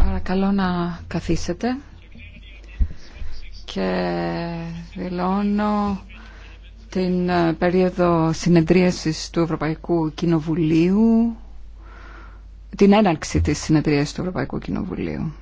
παρακαλώ να καθίσετε και δηλώνω την ε, περίοδο συνεδρίασης του Ευρωπαϊκού Κοινοβουλίου την έναρξη της συνεδρίασης του Ευρωπαϊκού Κοινοβουλίου.